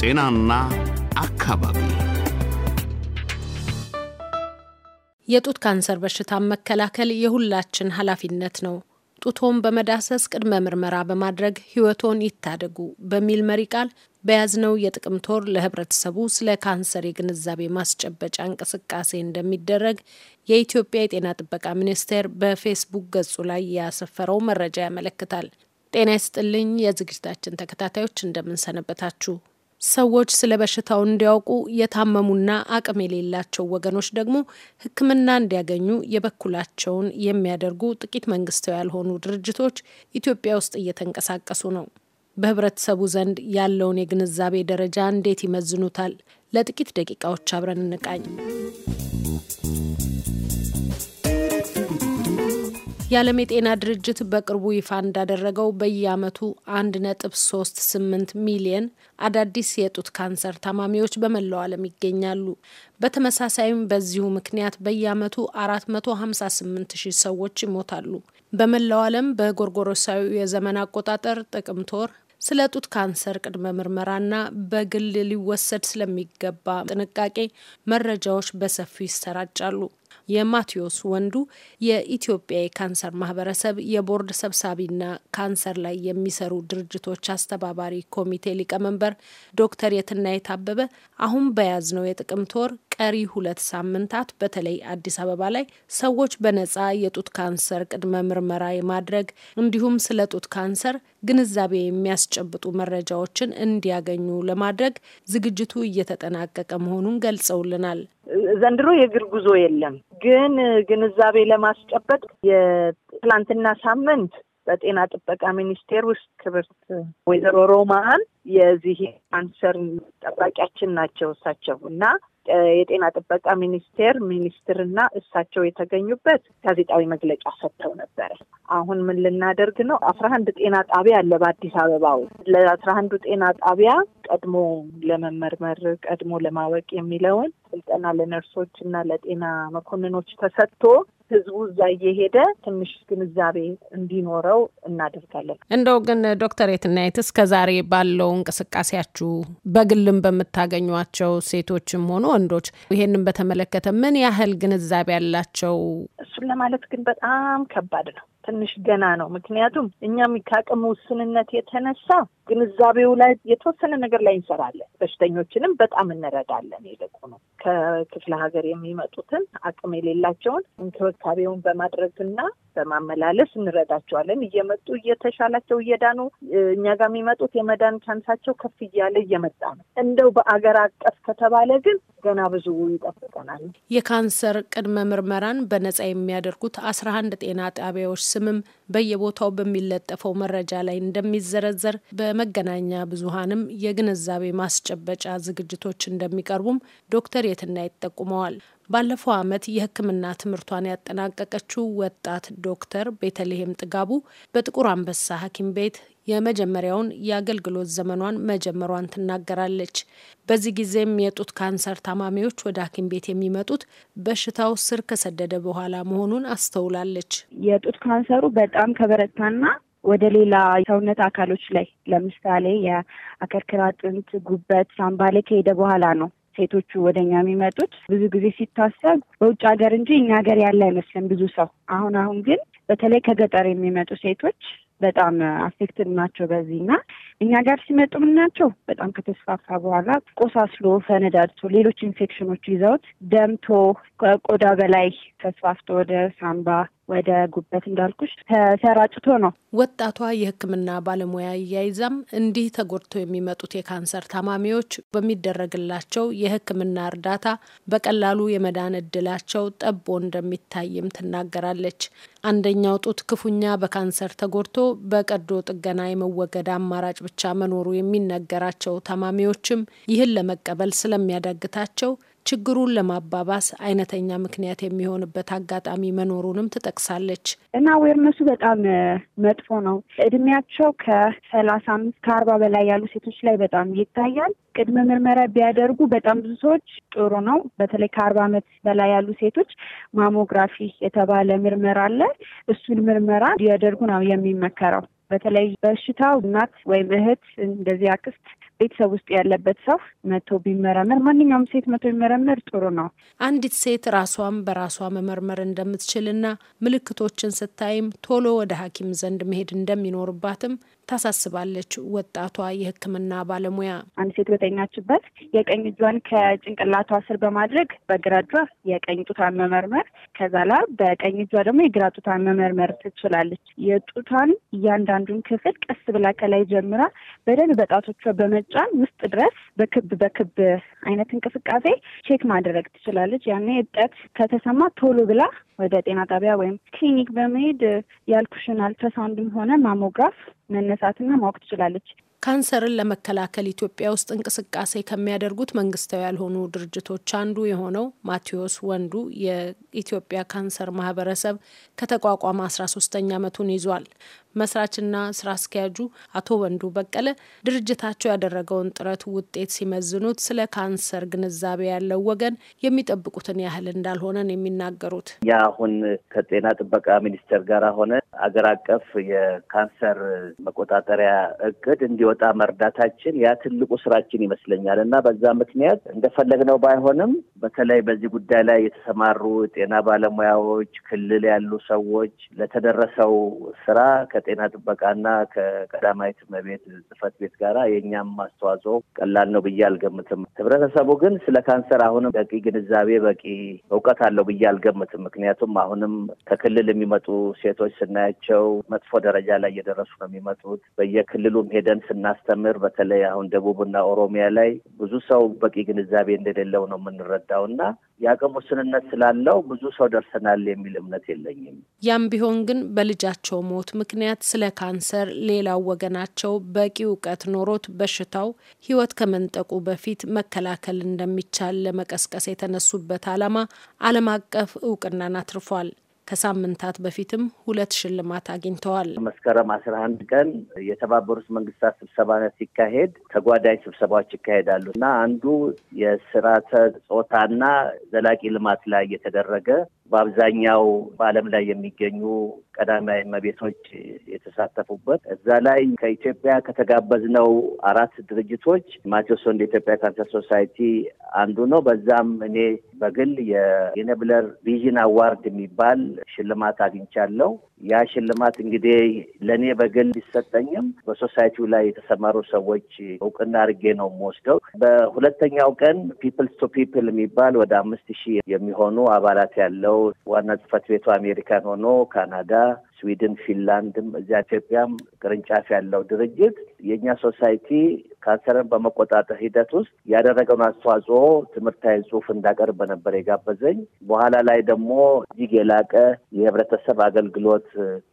ጤናና አካባቢ የጡት ካንሰር በሽታን መከላከል የሁላችን ኃላፊነት ነው። ጡቶን በመዳሰስ ቅድመ ምርመራ በማድረግ ሕይወቶን ይታደጉ በሚል መሪ ቃል በያዝነው የጥቅምት ወር ለህብረተሰቡ ስለ ካንሰር የግንዛቤ ማስጨበጫ እንቅስቃሴ እንደሚደረግ የኢትዮጵያ የጤና ጥበቃ ሚኒስቴር በፌስቡክ ገጹ ላይ ያሰፈረው መረጃ ያመለክታል። ጤና ይስጥልኝ የዝግጅታችን ተከታታዮች እንደምንሰነበታችሁ። ሰዎች ስለ በሽታው እንዲያውቁ፣ የታመሙና አቅም የሌላቸው ወገኖች ደግሞ ሕክምና እንዲያገኙ የበኩላቸውን የሚያደርጉ ጥቂት መንግስታዊ ያልሆኑ ድርጅቶች ኢትዮጵያ ውስጥ እየተንቀሳቀሱ ነው። በህብረተሰቡ ዘንድ ያለውን የግንዛቤ ደረጃ እንዴት ይመዝኑታል? ለጥቂት ደቂቃዎች አብረን እንቃኝ። የዓለም የጤና ድርጅት በቅርቡ ይፋ እንዳደረገው በየዓመቱ 1.38 ሚሊየን አዳዲስ የጡት ካንሰር ታማሚዎች በመላው ዓለም ይገኛሉ። በተመሳሳይም በዚሁ ምክንያት በየዓመቱ 458 ሺህ ሰዎች ይሞታሉ። በመላው ዓለም በጎርጎሮሳዊ የዘመን አቆጣጠር ጥቅምት ወር ስለ ጡት ካንሰር ቅድመ ምርመራና በግል ሊወሰድ ስለሚገባ ጥንቃቄ መረጃዎች በሰፊው ይሰራጫሉ። የማቴዎስ ወንዱ የኢትዮጵያ የካንሰር ማህበረሰብ የቦርድ ሰብሳቢና ካንሰር ላይ የሚሰሩ ድርጅቶች አስተባባሪ ኮሚቴ ሊቀመንበር ዶክተር የትናየት አበበ አሁን በያዝነው የጥቅምት ወር ቀሪ ሁለት ሳምንታት በተለይ አዲስ አበባ ላይ ሰዎች በነጻ የጡት ካንሰር ቅድመ ምርመራ የማድረግ እንዲሁም ስለ ጡት ካንሰር ግንዛቤ የሚያስጨብጡ መረጃዎችን እንዲያገኙ ለማድረግ ዝግጅቱ እየተጠናቀቀ መሆኑን ገልጸውልናል። ዘንድሮ የእግር ጉዞ የለም፣ ግን ግንዛቤ ለማስጨበጥ የትላንትና ሳምንት በጤና ጥበቃ ሚኒስቴር ውስጥ ክብርት ወይዘሮ ሮማን የዚህ ካንሰር ጠባቂያችን ናቸው እሳቸው እና የጤና ጥበቃ ሚኒስቴር ሚኒስትርና እሳቸው የተገኙበት ጋዜጣዊ መግለጫ ሰጥተው ነበረ። አሁን ምን ልናደርግ ነው? አስራ አንድ ጤና ጣቢያ አለ በአዲስ አበባ ውስጥ። ለአስራ አንዱ ጤና ጣቢያ ቀድሞ ለመመርመር ቀድሞ ለማወቅ የሚለውን ስልጠና ለነርሶች እና ለጤና መኮንኖች ተሰጥቶ ህዝቡ እዛ እየሄደ ትንሽ ግንዛቤ እንዲኖረው እናደርጋለን። እንደው ግን ዶክተር የትናየት እስከ ዛሬ ባለው እንቅስቃሴያችሁ በግልም በምታገኟቸው ሴቶችም ሆኑ ወንዶች ይሄንን በተመለከተ ምን ያህል ግንዛቤ ያላቸው? እሱን ለማለት ግን በጣም ከባድ ነው። ትንሽ ገና ነው። ምክንያቱም እኛም ከአቅም ውስንነት የተነሳ ግንዛቤው ላይ የተወሰነ ነገር ላይ እንሰራለን። በሽተኞችንም በጣም እንረዳለን። ይልቁ ነው ከክፍለ ሀገር የሚመጡትን አቅም የሌላቸውን እንክብካቤውን በማድረግና በማመላለስ እንረዳቸዋለን። እየመጡ እየተሻላቸው እየዳኑ እኛ ጋር የሚመጡት የመዳን ቻንሳቸው ከፍ እያለ እየመጣ ነው። እንደው በአገር አቀፍ ከተባለ ግን ገና ብዙ ይጠብቀናል። የካንሰር ቅድመ ምርመራን በነጻ የሚያደርጉት አስራ አንድ ጤና ጣቢያዎች ስምም በየቦታው በሚለጠፈው መረጃ ላይ እንደሚዘረዘር በመገናኛ ብዙሃንም የግንዛቤ ማስጨበጫ ዝግጅቶች እንደሚቀርቡም ዶክተር የትናየት ጠቁመዋል። ባለፈው ዓመት የሕክምና ትምህርቷን ያጠናቀቀችው ወጣት ዶክተር ቤተልሔም ጥጋቡ በጥቁር አንበሳ ሐኪም ቤት የመጀመሪያውን የአገልግሎት ዘመኗን መጀመሯን ትናገራለች። በዚህ ጊዜም የጡት ካንሰር ታማሚዎች ወደ ሐኪም ቤት የሚመጡት በሽታው ስር ከሰደደ በኋላ መሆኑን አስተውላለች። የጡት ካንሰሩ በጣም ከበረታና ወደ ሌላ ሰውነት አካሎች ላይ ለምሳሌ የአከርክር አጥንት፣ ጉበት፣ ሳምባ ላይ ከሄደ በኋላ ነው ሴቶቹ ወደ እኛ የሚመጡት ብዙ ጊዜ ሲታሰብ በውጭ ሀገር እንጂ እኛ ሀገር ያለ አይመስልም ብዙ ሰው። አሁን አሁን ግን በተለይ ከገጠር የሚመጡ ሴቶች በጣም አፌክትድ ናቸው በዚህ እና እኛ ጋር ሲመጡ ምን ናቸው በጣም ከተስፋፋ በኋላ ቆሳስሎ ፈነዳድቶ ሌሎች ኢንፌክሽኖች ይዘውት ደምቶ ከቆዳ በላይ ተስፋፍቶ ወደ ሳምባ ወደ ጉበት እንዳልኩሽ ተሰራጭቶ ነው። ወጣቷ የሕክምና ባለሙያ እያይዛም እንዲህ ተጎድተው የሚመጡት የካንሰር ታማሚዎች በሚደረግላቸው የሕክምና እርዳታ በቀላሉ የመዳን እድላቸው ጠቦ እንደሚታይም ትናገራለች። አንደኛው ጡት ክፉኛ በካንሰር ተጎድቶ በቀዶ ጥገና የመወገድ አማራጭ ብቻ መኖሩ የሚነገራቸው ታማሚዎችም ይህን ለመቀበል ስለሚያዳግታቸው ችግሩን ለማባባስ አይነተኛ ምክንያት የሚሆንበት አጋጣሚ መኖሩንም ትጠቅሳለች። እና አዌርነሱ በጣም መጥፎ ነው። እድሜያቸው ከሰላሳ አምስት ከአርባ በላይ ያሉ ሴቶች ላይ በጣም ይታያል። ቅድመ ምርመራ ቢያደርጉ በጣም ብዙ ሰዎች ጥሩ ነው። በተለይ ከአርባ ዓመት በላይ ያሉ ሴቶች ማሞግራፊ የተባለ ምርመራ አለ። እሱን ምርመራ እንዲያደርጉ ነው የሚመከረው። በተለይ በሽታው እናት ወይም እህት እንደዚህ አክስት ቤተሰብ ውስጥ ያለበት ሰው መቶ ቢመረምር፣ ማንኛውም ሴት መቶ ቢመረምር ጥሩ ነው። አንዲት ሴት ራሷም በራሷ መመርመር እንደምትችልና ምልክቶችን ስታይም ቶሎ ወደ ሐኪም ዘንድ መሄድ እንደሚኖርባትም ታሳስባለች ወጣቷ የሕክምና ባለሙያ። አንድ ሴት በተኛችበት የቀኝ እጇን ከጭንቅላቷ ስር በማድረግ በግራ እጇ የቀኝ ጡቷን መመርመር ከዛ ላ በቀኝ እጇ ደግሞ የግራ ጡቷን መመርመር ትችላለች። የጡቷን እያንዳንዱን ክፍል ቀስ ብላ ከላይ ጀምራ በደንብ በጣቶቿ በመጫን ውስጥ ድረስ በክብ በክብ አይነት እንቅስቃሴ ቼክ ማድረግ ትችላለች። ያኔ እብጠት ከተሰማ ቶሎ ብላ ወደ ጤና ጣቢያ ወይም ክሊኒክ በመሄድ ያልኩሽን አልትራሳውንድም ሆነ ማሞግራፍ መነሳትና ማወቅ ትችላለች። ካንሰርን ለመከላከል ኢትዮጵያ ውስጥ እንቅስቃሴ ከሚያደርጉት መንግስታዊ ያልሆኑ ድርጅቶች አንዱ የሆነው ማቴዎስ ወንዱ የኢትዮጵያ ካንሰር ማህበረሰብ ከተቋቋመ አስራ ሶስተኛ ዓመቱን ይዟል። መስራችና ስራ አስኪያጁ አቶ ወንዱ በቀለ ድርጅታቸው ያደረገውን ጥረት ውጤት ሲመዝኑት ስለ ካንሰር ግንዛቤ ያለው ወገን የሚጠብቁትን ያህል እንዳልሆነን የሚናገሩት አሁን ከጤና ጥበቃ ሚኒስቴር ጋር ሆነ አገር አቀፍ የካንሰር መቆጣጠሪያ እቅድ እንዲወጣ መርዳታችን ያ ትልቁ ስራችን ይመስለኛል እና በዛ ምክንያት እንደፈለግነው ባይሆንም በተለይ በዚህ ጉዳይ ላይ የተሰማሩ የጤና ባለሙያዎች፣ ክልል ያሉ ሰዎች ለተደረሰው ስራ ከጤና ጥበቃና ከቀዳማዊት እመቤት ጽሕፈት ቤት ጋራ የእኛም አስተዋጽኦ ቀላል ነው ብዬ አልገምትም። ህብረተሰቡ ግን ስለ ካንሰር አሁንም በቂ ግንዛቤ፣ በቂ እውቀት አለው ብዬ አልገምትም። ምክንያቱም አሁንም ከክልል የሚመጡ ሴቶች ስናያቸው መጥፎ ደረጃ ላይ እየደረሱ ነው የሚመጡት። በየክልሉም ሄደን ስናስተምር በተለይ አሁን ደቡብና ኦሮሚያ ላይ ብዙ ሰው በቂ ግንዛቤ እንደሌለው ነው የምንረዳው እና የአቅም ውስንነት ስላለው ብዙ ሰው ደርሰናል የሚል እምነት የለኝም። ያም ቢሆን ግን በልጃቸው ሞት ምክንያት ምክንያት ስለ ካንሰር ሌላው ወገናቸው በቂ እውቀት ኖሮት በሽታው ሕይወት ከመንጠቁ በፊት መከላከል እንደሚቻል ለመቀስቀስ የተነሱበት ዓላማ ዓለም አቀፍ እውቅናን አትርፏል። ከሳምንታት በፊትም ሁለት ሽልማት አግኝተዋል። መስከረም አስራ አንድ ቀን የተባበሩት መንግስታት ስብሰባ ሲካሄድ ተጓዳኝ ስብሰባዎች ይካሄዳሉ እና አንዱ የስርዓተ ጾታና ዘላቂ ልማት ላይ የተደረገ በአብዛኛው በዓለም ላይ የሚገኙ ቀዳማዊ እመቤቶች የተሳተፉበት እዛ ላይ ከኢትዮጵያ ከተጋበዝነው አራት ድርጅቶች ማቴዎስ ወንድ የኢትዮጵያ ካንሰር ሶሳይቲ አንዱ ነው። በዛም እኔ በግል የኔብለር ቪዥን አዋርድ የሚባል ሽልማት አግኝቻለሁ። ያ ሽልማት እንግዲህ ለእኔ በግል ሊሰጠኝም በሶሳይቲው ላይ የተሰማሩ ሰዎች እውቅና አድርጌ ነው የምወስደው። በሁለተኛው ቀን ፒፕልስ ቱ ፒፕል የሚባል ወደ አምስት ሺህ የሚሆኑ አባላት ያለው ዋና ጽህፈት ቤቱ አሜሪካን ሆኖ ካናዳ ስዊድን፣ ፊንላንድም እዚያ ኢትዮጵያም ቅርንጫፍ ያለው ድርጅት የእኛ ሶሳይቲ ካንሰርን በመቆጣጠር ሂደት ውስጥ ያደረገውን አስተዋጽኦ ትምህርታዊ ጽሁፍ እንዳቀርብ ነበር የጋበዘኝ። በኋላ ላይ ደግሞ እጅግ የላቀ የህብረተሰብ አገልግሎት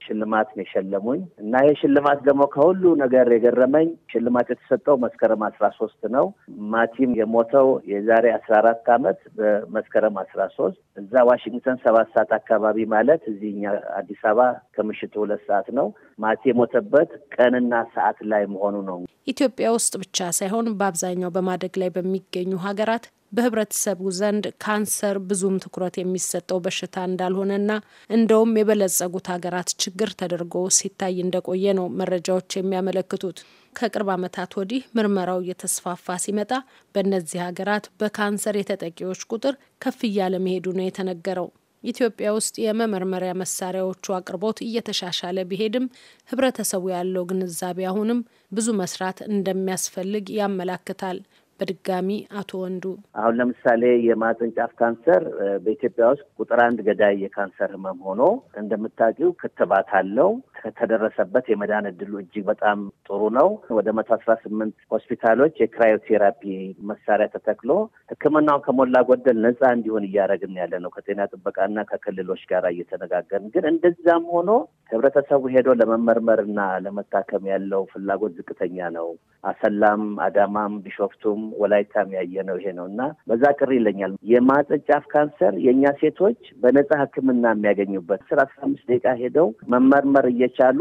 ሽልማት ነው የሸለሙኝ እና ይህ ሽልማት ደግሞ ከሁሉ ነገር የገረመኝ ሽልማት የተሰጠው መስከረም አስራ ሶስት ነው። ማቲም የሞተው የዛሬ አስራ አራት አመት በመስከረም አስራ ሶስት እዛ ዋሽንግተን ሰባት ሰዓት አካባቢ ማለት እዚህኛ አዲስ አበባ ከምሽቱ ሁለት ሰዓት ነው። ማቲ የሞተበት ቀንና ሰዓት ላይ መሆኑ ነው። ኢትዮጵያ ውስጥ ብቻ ሳይሆን በአብዛኛው በማደግ ላይ በሚገኙ ሀገራት በህብረተሰቡ ዘንድ ካንሰር ብዙም ትኩረት የሚሰጠው በሽታ እንዳልሆነና እንደውም የበለጸጉት ሀገራት ችግር ተደርጎ ሲታይ እንደቆየ ነው መረጃዎች የሚያመለክቱት። ከቅርብ ዓመታት ወዲህ ምርመራው እየተስፋፋ ሲመጣ በእነዚህ ሀገራት በካንሰር የተጠቂዎች ቁጥር ከፍ እያለ መሄዱ ነው የተነገረው። ኢትዮጵያ ውስጥ የመመርመሪያ መሳሪያዎቹ አቅርቦት እየተሻሻለ ቢሄድም ህብረተሰቡ ያለው ግንዛቤ አሁንም ብዙ መስራት እንደሚያስፈልግ ያመላክታል። በድጋሚ አቶ ወንዱ አሁን ለምሳሌ የማህፀን ጫፍ ካንሰር በኢትዮጵያ ውስጥ ቁጥር አንድ ገዳይ የካንሰር ህመም ሆኖ እንደምታውቂው ክትባት አለው። ከተደረሰበት የመዳን እድሉ እጅግ በጣም ጥሩ ነው። ወደ መቶ አስራ ስምንት ሆስፒታሎች የክራዮቴራፒ መሳሪያ ተተክሎ ህክምናው ከሞላ ጎደል ነጻ እንዲሆን እያደረግን ያለ ነው ከጤና ጥበቃና ከክልሎች ጋር እየተነጋገርን። ግን እንደዛም ሆኖ ህብረተሰቡ ሄዶ ለመመርመርና ለመታከም ያለው ፍላጎት ዝቅተኛ ነው። አሰላም፣ አዳማም፣ ቢሾፍቱም ወላይታም ነው ይሄ ነው እና በዛ ቅር ይለኛል። የማህፀን ጫፍ ካንሰር የእኛ ሴቶች በነጻ ሕክምና የሚያገኙበት አስር አስራ አምስት ደቂቃ ሄደው መመርመር እየቻሉ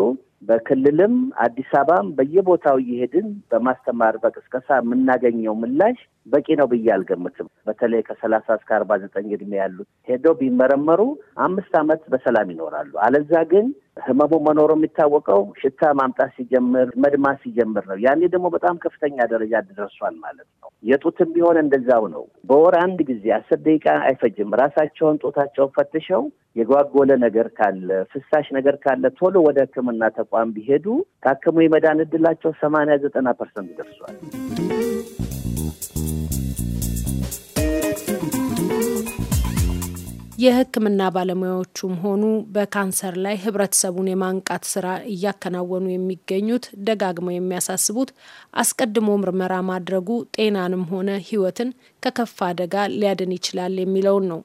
በክልልም አዲስ አበባም በየቦታው እየሄድን በማስተማር በቅስቀሳ የምናገኘው ምላሽ በቂ ነው ብዬ አልገምትም። በተለይ ከሰላሳ እስከ አርባ ዘጠኝ እድሜ ያሉት ሄደው ቢመረመሩ አምስት ዓመት በሰላም ይኖራሉ። አለዛ ግን ህመሙ መኖሩ የሚታወቀው ሽታ ማምጣት ሲጀምር መድማት ሲጀምር ነው። ያኔ ደግሞ በጣም ከፍተኛ ደረጃ ደርሷል ማለት ነው። የጡትም ቢሆን እንደዛው ነው። በወር አንድ ጊዜ አስር ደቂቃ አይፈጅም። ራሳቸውን ጡታቸውን ፈትሸው የጓጎለ ነገር ካለ ፍሳሽ ነገር ካለ ቶሎ ወደ ሕክምና ተቋም ቢሄዱ ታክሞ የመዳን እድላቸው ሰማንያ ዘጠና ፐርሰንት ደርሷል። የሕክምና ባለሙያዎቹም ሆኑ በካንሰር ላይ ህብረተሰቡን የማንቃት ስራ እያከናወኑ የሚገኙት ደጋግመው የሚያሳስቡት አስቀድሞ ምርመራ ማድረጉ ጤናንም ሆነ ህይወትን ከከፋ አደጋ ሊያድን ይችላል የሚለውን ነው።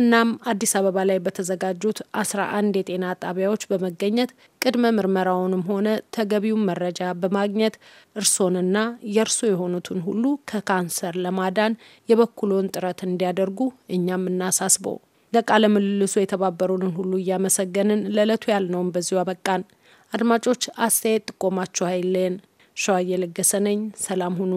እናም አዲስ አበባ ላይ በተዘጋጁት አስራ አንድ የጤና ጣቢያዎች በመገኘት ቅድመ ምርመራውንም ሆነ ተገቢውን መረጃ በማግኘት እርሶንና የእርሶ የሆኑትን ሁሉ ከካንሰር ለማዳን የበኩሎን ጥረት እንዲያደርጉ እኛም እናሳስበው። ለቃለ ምልልሱ የተባበሩንን ሁሉ እያመሰገንን ለዕለቱ ያልነውን በዚሁ አበቃን። አድማጮች አስተያየት ጥቆማችሁ አይለን ሸዋ እየለገሰ ነኝ። ሰላም ሁኑ።